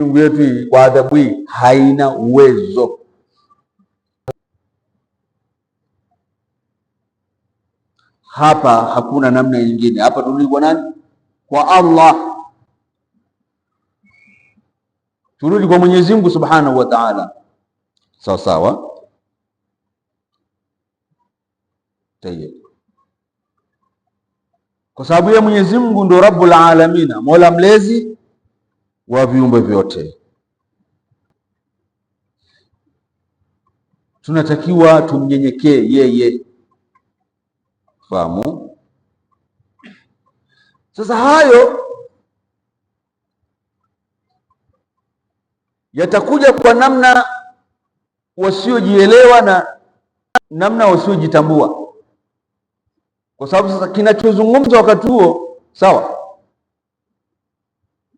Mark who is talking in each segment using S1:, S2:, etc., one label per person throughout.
S1: Mungu yetu kwa adhabu hii haina uwezo. Hapa hakuna namna nyingine, hapa turudi kwa nani? Kwa Allah, turudi kwa Mwenyezi Mungu Subhanahu wa Ta'ala. Sawa sawa, tayeb, kwa sababu ya Mwenyezi Mungu ndo Rabbul Alamina, Mola mlezi wa viumbe vyote. Tunatakiwa tumnyenyekee yeye. Fahamu sasa, hayo yatakuja kwa namna wasiojielewa na namna wasiojitambua, kwa sababu sasa kinachozungumzwa wakati huo sawa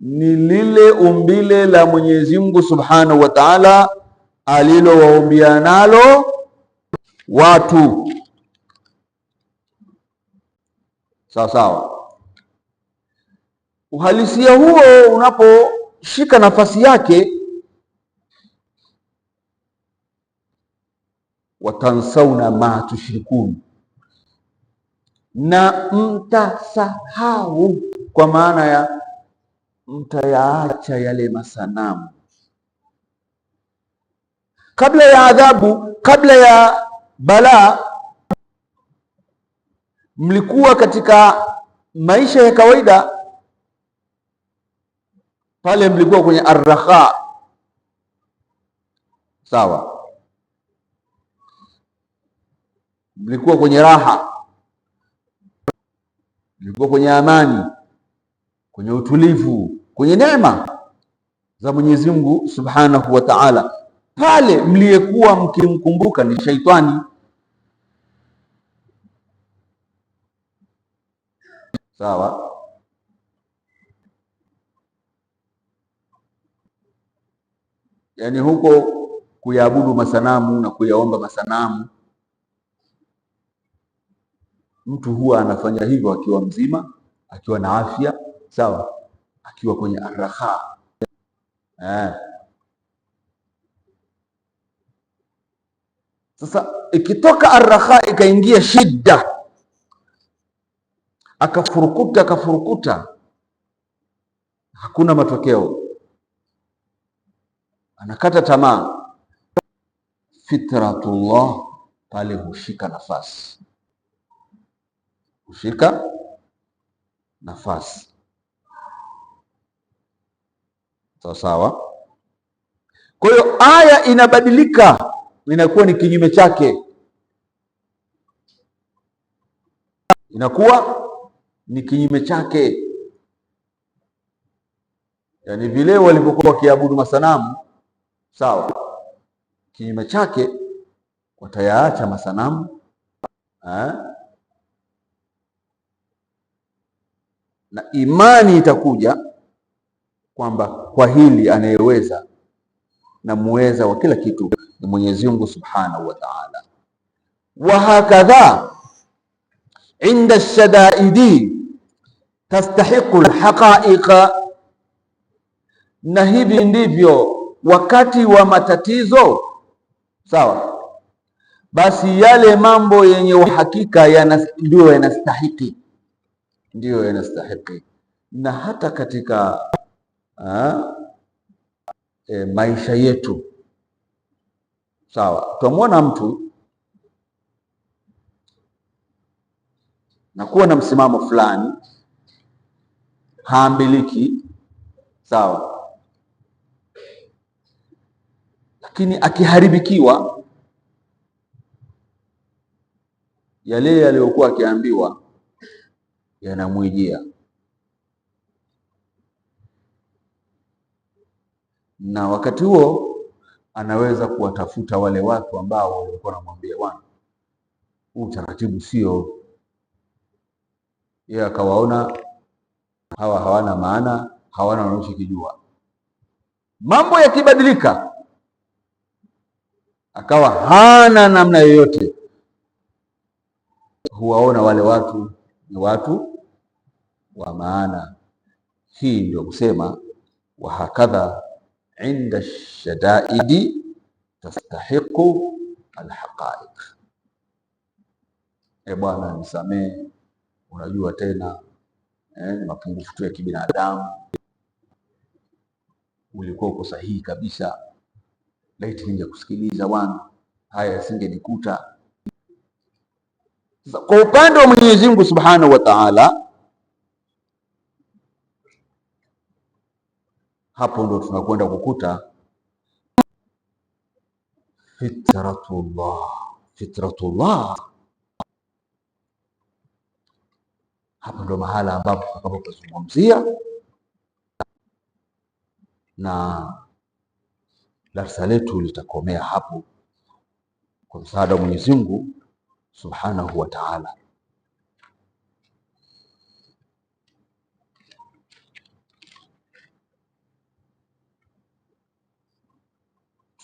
S1: ni lile umbile la Mwenyezi Mungu Subhanahu wa Ta'ala alilowaumbia nalo watu sawa sawa. Uhalisia huo unaposhika nafasi yake, watansauna ma tushrikun, na mtasahau, kwa maana ya mtayaacha yale masanamu kabla ya adhabu, kabla ya balaa. Mlikuwa katika maisha ya kawaida pale, mlikuwa kwenye arraha, sawa, mlikuwa kwenye raha, mlikuwa kwenye amani kwenye utulivu, kwenye neema za Mwenyezi Mungu Subhanahu wa Ta'ala. Pale mliyekuwa mkimkumbuka ni shaitani. Sawa. Yaani huko kuyaabudu masanamu na kuyaomba masanamu, mtu huwa anafanya hivyo akiwa mzima, akiwa na afya sawa, akiwa kwenye araha eh. Sasa ikitoka araha ikaingia shida akafurukuta akafurukuta, hakuna matokeo, anakata tamaa. Fitratullah pale hushika nafasi, hushika nafasi sawa sawa. Kwa hiyo aya inabadilika, inakuwa ni kinyume chake, inakuwa ni kinyume chake. Yaani vile walipokuwa wakiabudu masanamu sawa, kinyume chake watayaacha masanamu ha? Eh? na imani itakuja kwamba kwa hili anayeweza na muweza wa kila kitu ni Mwenyezi Mungu Subhanahu wa Ta'ala. Wa hakadha inda shadaidi tastahiqu alhaqaiqa, na hivi ndivyo wakati wa matatizo sawa, basi yale mambo yenye uhakika ndio yanastahiki, ndiyo yanastahiki na hata katika e, maisha yetu. Sawa, twamwona mtu na kuwa na msimamo fulani, haambiliki sawa, lakini akiharibikiwa yale yaliyokuwa akiambiwa yanamwijia na wakati huo anaweza kuwatafuta wale watu ambao walikuwa wanamwambia bwana, huu utaratibu sio. Yeye akawaona hawa hawana maana, hawana kijua. Mambo yakibadilika, akawa hana namna yoyote, huwaona wale watu ni watu wa maana. Hii ndio kusema wahakadha inda shadaidi tastahiqu alhaqaiq. E Bwana nisamee, unajua tena eh, mapungufu tu ya kibinadamu, ulikuwa uko sahihi kabisa. Laiti ningekusikiliza Bwana, haya yasingenikuta. Kwa upande wa Mwenyezi Mungu Subhanahu wa Ta'ala hapo ndo tunakwenda kukuta fitratullah. Fitratullah hapo ndo mahala ambapo ambapo kuzungumzia na darsa letu litakomea hapo kwa msaada wa Mwenyezi Mungu Subhanahu wa Ta'ala.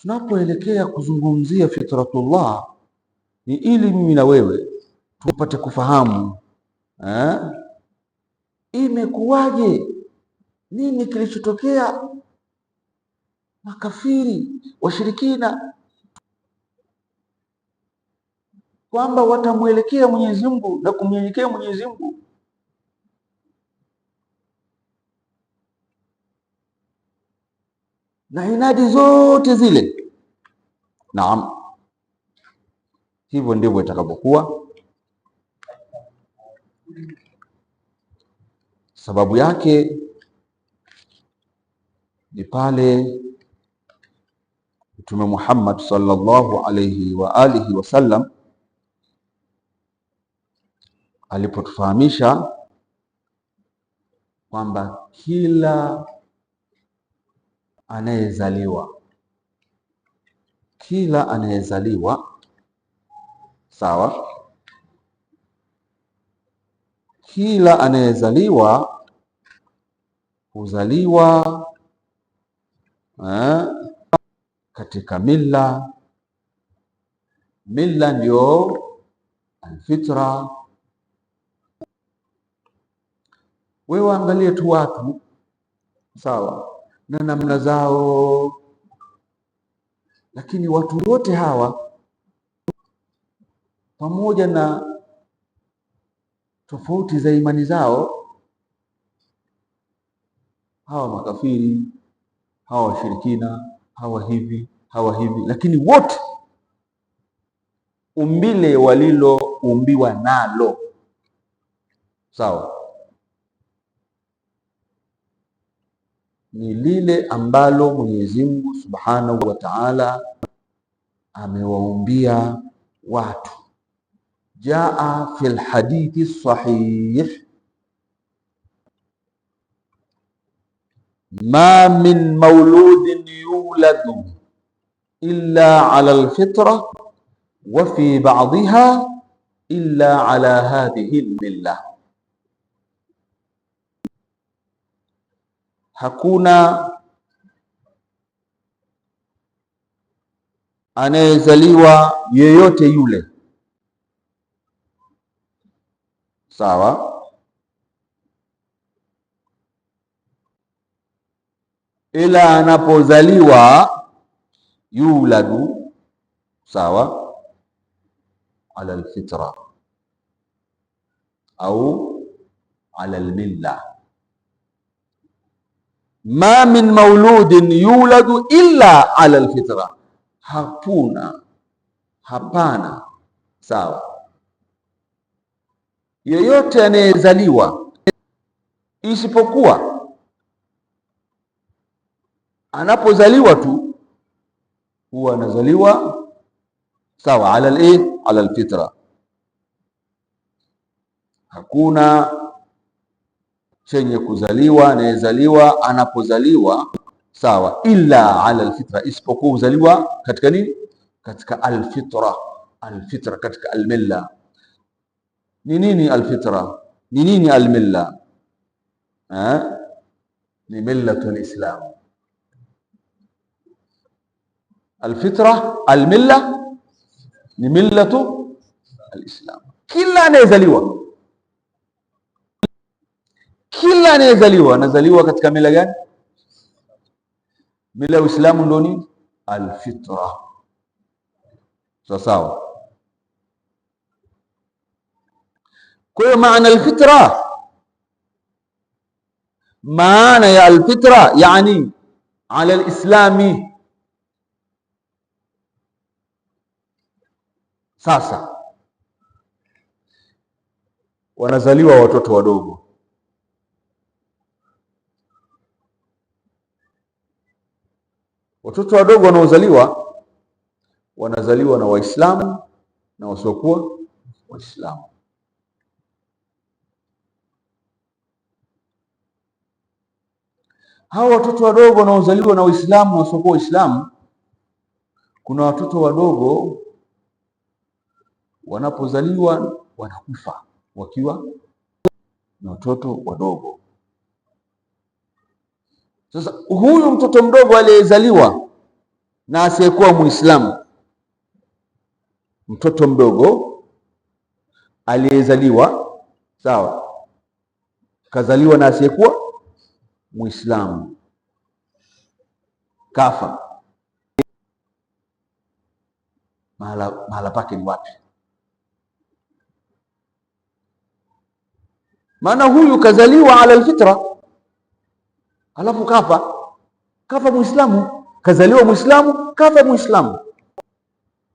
S1: Tunapoelekea kuzungumzia fitratullah ni ili mimi na wewe tupate kufahamu eh, imekuwaje, nini kilichotokea makafiri washirikina, kwamba watamwelekea Mwenyezi Mungu na kumnyenyekea Mwenyezi Mungu na inadi zote zile. Naam, hivyo ndivyo itakapokuwa. Sababu yake ni pale Mtume Muhammad sallallahu alayhi wa alihi wasallam alipotufahamisha kwamba kila anayezaliwa. Kila anayezaliwa sawa, kila anayezaliwa huzaliwa eh, katika milla. Milla ndio alfitra. Wewe angalie tu watu sawa na namna zao, lakini watu wote hawa pamoja na tofauti za imani zao, hawa makafiri, hawa washirikina, hawa hivi, hawa hivi, lakini wote umbile waliloumbiwa nalo sawa ni lile ambalo Mwenyezi Mungu Subhanahu wa Ta'ala amewaumbia watu. Jaa fil hadithi sahih ma min mauludin yuladu illa ala alfitra wa fi ba'dha illa ala hadhihi almillah hakuna anayezaliwa yeyote yule sawa, ila anapozaliwa yuladu sawa, ala alfitra au ala almilla ma min mauludin yuladu illa ala alfitra, hakuna hapana, sawa, yeyote anayezaliwa isipokuwa anapozaliwa tu huwa anazaliwa sawa ala al ala alfitra, hakuna chenye kuzaliwa anayezaliwa anapozaliwa sawa, illa ala alfitra, isipokuwa uzaliwa katika nini? Katika alfitra. Alfitra katika almilla. Ni nini alfitra? Ni nini almilla? Eh, ni millatu lislam. Alfitra, almilla ni millatu alislam. Kila anayezaliwa Kila anayezaliwa anazaliwa katika mila gani? Mila ya Uislamu ndio ni Alfitra. Sawa sawa. Kwa hiyo maana alfitra, maana ya alfitra yani ala alislami. Sasa wanazaliwa watoto wadogo Watoto wadogo wanaozaliwa wanazaliwa na Waislamu na wasiokuwa Waislamu. Hawa watoto wadogo wanaozaliwa na Waislamu na wasiokuwa Waislamu, kuna watoto wadogo wanapozaliwa wanakufa wakiwa na watoto wadogo. Sasa huyu mtoto mdogo aliyezaliwa na asiyekuwa Muislamu, mtoto mdogo aliyezaliwa sawa, kazaliwa na asiyekuwa Muislamu, kafa mahala, mahala pake ni wapi? Maana huyu kazaliwa ala alfitra alafu kafa kafa Muislamu, kazaliwa Muislamu, kafa Muislamu,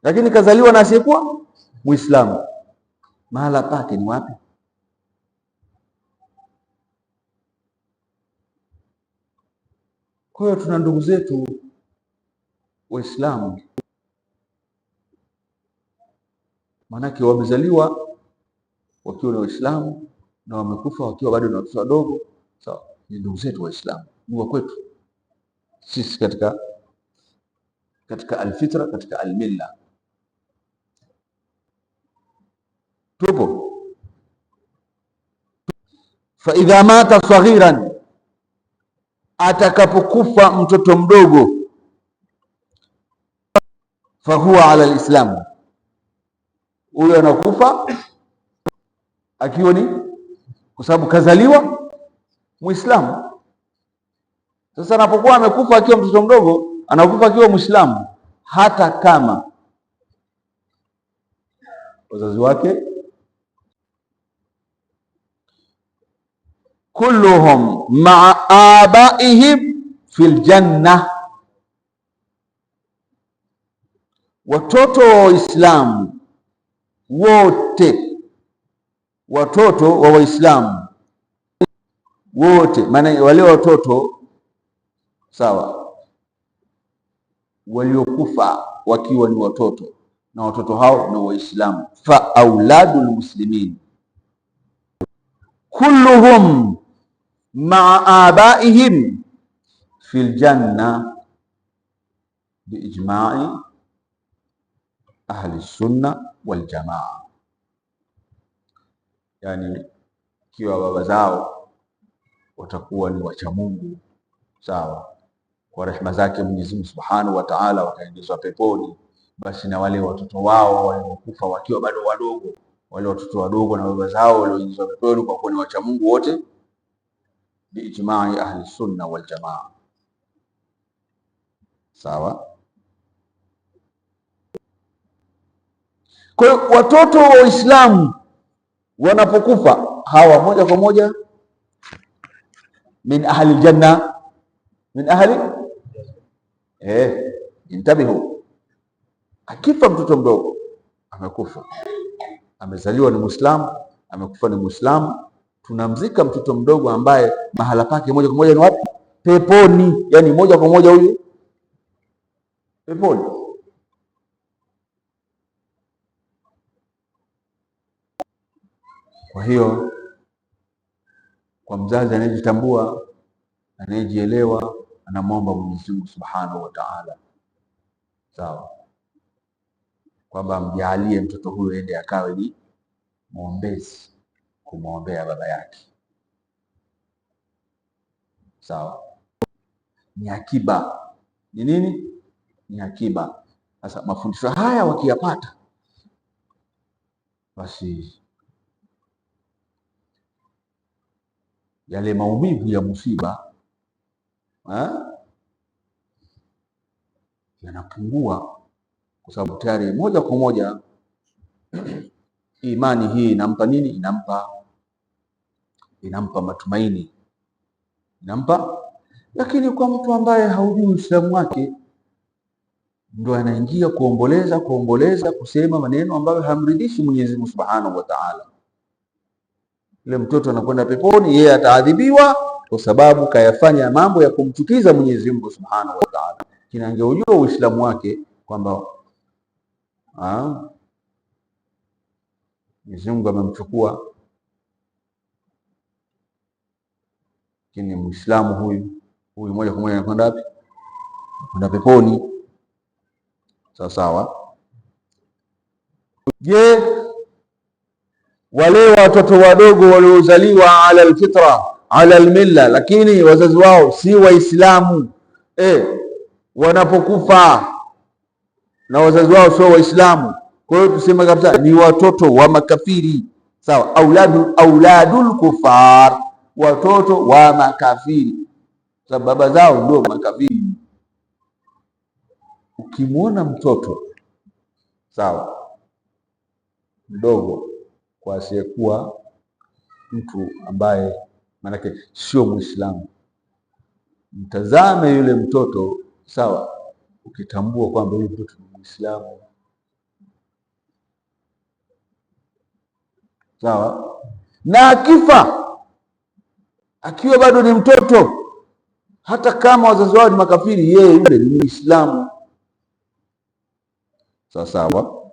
S1: lakini kazaliwa na asiyekuwa Muislamu, mahala pake ni wapi? Kwa hiyo tuna ndugu zetu Waislamu maanake wamezaliwa wakiwa ni Waislamu na wamekufa wakiwa bado ni watoto wadogo. Sawa, so, ni ndugu zetu Waislamu dua kwetu sisi katika, katika alfitra katika almilla tupo. Fa idha mata saghiran, atakapokufa mtoto mdogo, fahuwa ala lislamu, huyo anakufa akiwa ni kwa sababu kazaliwa Muislamu. Sasa anapokuwa amekufa akiwa mtoto mdogo, anakufa akiwa Muislamu, hata kama wazazi wake kulluhum maa abaihim fil janna, watoto wa Waislamu wote, watoto wa Waislamu wote, maana wale watoto sawa, waliokufa wakiwa ni watoto na watoto hao na Waislamu. Fa auladu muslimin kulluhum maa abaihim fi ljanna biijmai ahli sunna wal jamaa, yani ikiwa baba zao watakuwa ni wacha Mungu sawa kwa rehema zake Mwenyezi Mungu Subhanahu wa Ta'ala, wakaingizwa peponi. Basi na wale watoto wao waliokufa wakiwa bado wadogo, wale watoto wadogo na baba zao walioingizwa peponi, kwa kuwa ni wacha Mungu wote, biijmai ahli sunna wal jamaa. Sawa. Kwa hiyo watoto wa Uislamu wanapokufa hawa moja kwa moja min ahli janna min ahli Eh, intabihu, akifa mtoto mdogo amekufa, amezaliwa ni Muislamu, amekufa ni Muislamu, tunamzika mtoto mdogo ambaye mahala pake moja kwa moja ni wapi? Peponi. Yani moja kwa moja huyu peponi. Kwa hiyo kwa mzazi anayejitambua anayejielewa anamwomba Mwenyezi Mungu Subhanahu wa Ta'ala, sawa, kwamba mjalie mtoto huyo ende akawe ni mwombezi kumwombea baba yake, sawa. Ni akiba. Ni nini? Ni akiba. Sasa mafundisho haya wakiyapata, basi yale maumivu ya musiba yanapungua kwa sababu tayari moja kwa moja imani hii inampa nini? Inampa, inampa matumaini, inampa. Lakini kwa mtu ambaye haujui Uislamu wake, ndo anaingia kuomboleza, kuomboleza, kusema maneno ambayo hamridhishi Mwenyezi Mungu Subhanahu wa Ta'ala. Yule mtoto anakwenda peponi, yeye ataadhibiwa kwa sababu kayafanya mambo ya kumchukiza Mwenyezi Mungu Subhanahu wa Ta'ala. Kina angeujua Uislamu wake kwamba Mwenyezi Mungu amemchukua, lakini Muislamu huyu huyu moja kwa moja anakwenda wapi? Anakwenda peponi. Sawa sawa. Je, wale watoto wadogo waliozaliwa ala alfitra ala almilla, lakini wazazi wao si Waislamu eh, wanapokufa na wazazi wao sio Waislamu. Kwa hiyo tuseme kabisa ni watoto wa makafiri, sawa. Auladu auladul kufar, watoto wa makafiri, sababu baba zao ndio makafiri. Ukimwona mtoto sawa mdogo kwa asiyekuwa mtu ambaye maanake sio Muislamu. Mtazame yule mtoto sawa, ukitambua kwamba yule mtoto ni Muislamu sawa, na akifa akiwa bado ni mtoto, hata kama wazazi wao ni makafiri, yeye yule ni Muislamu sawa sawa.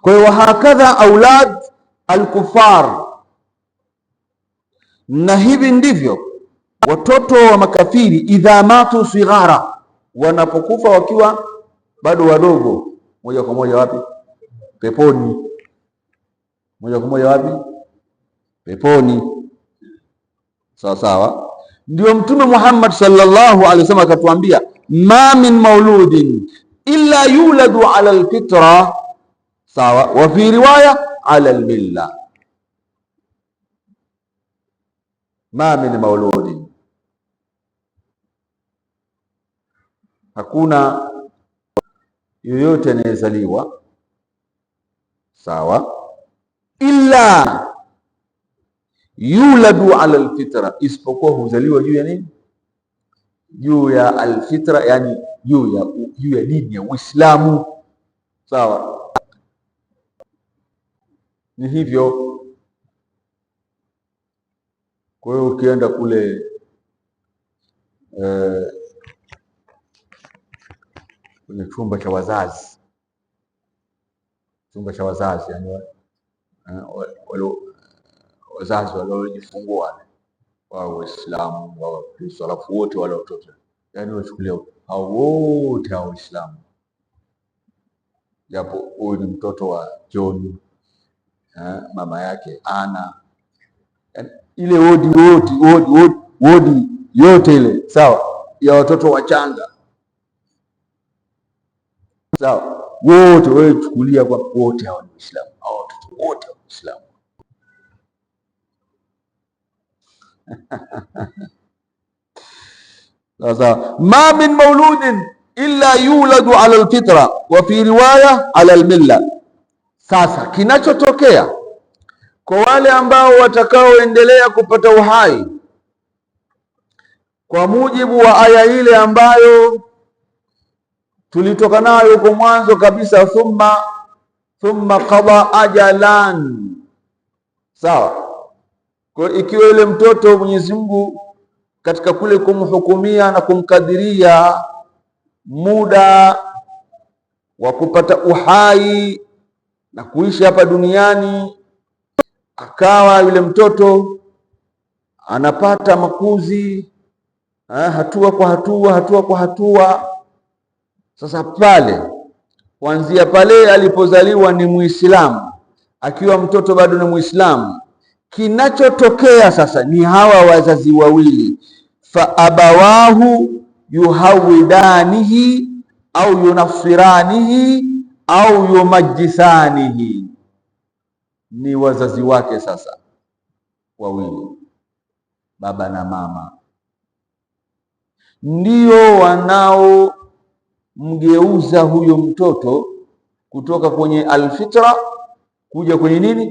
S1: Kwa hiyo wahakadha aulad alkufar na hivi ndivyo watoto wa makafiri idha matu sighara, wanapokufa wakiwa bado wadogo, moja kwa moja wapi? Peponi. Moja kwa moja wapi? Peponi. Sawa sawa, ndio Mtume Muhammad sallallahu alaihi wasallam akatuambia, ma min mauludin illa yuladu ala alfitra, sawa, wa fi riwaya ala almilla ma min mauludin, hakuna yoyote anayezaliwa sawa, illa yuladu ala alfitra, isipokuwa huzaliwa juu ya nini? Juu ya alfitra, yani juu ya juu ya dini ya Uislamu. Sawa, ni hivyo kwa hiyo ukienda kule eh, kwenye chumba cha wazazi, chumba cha wazazi yani, eh, wazazi waliojifungua wao Waislamu wa Wakristo, alafu wote wale watoto yani wachukulia hao wote hao Waislamu, japo huyu ni mtoto wa John eh, mama yake Ana yani, ile wodi wodi wodi wodi yote ile sawa, ya watoto wachanga sawa, wote wewe chukulia kwa wote hao ni Waislamu, hao watoto wote ni Waislamu. Sasa ma min mauludin illa yuladu ala alfitra wa fi riwaya ala almilla. Sasa kinachotokea kwa wale ambao watakaoendelea kupata uhai kwa mujibu wa aya ile ambayo tulitoka nayo huko mwanzo kabisa, thumma thumma qada ajalan. Sawa. Kwa ikiwa yule mtoto Mwenyezi Mungu katika kule kumhukumia na kumkadiria muda wa kupata uhai na kuishi hapa duniani akawa yule mtoto anapata makuzi ha, eh, hatua kwa hatua hatua kwa hatua. Sasa pale kuanzia pale alipozaliwa ni Muislamu, akiwa mtoto bado ni Muislamu. Kinachotokea sasa ni hawa wazazi wawili, fa abawahu yuhawidanihi au yunafiranihi au yumajisanihi ni wazazi wake sasa wawili, baba na mama, ndio wanaomgeuza huyo mtoto kutoka kwenye alfitra kuja kwenye nini?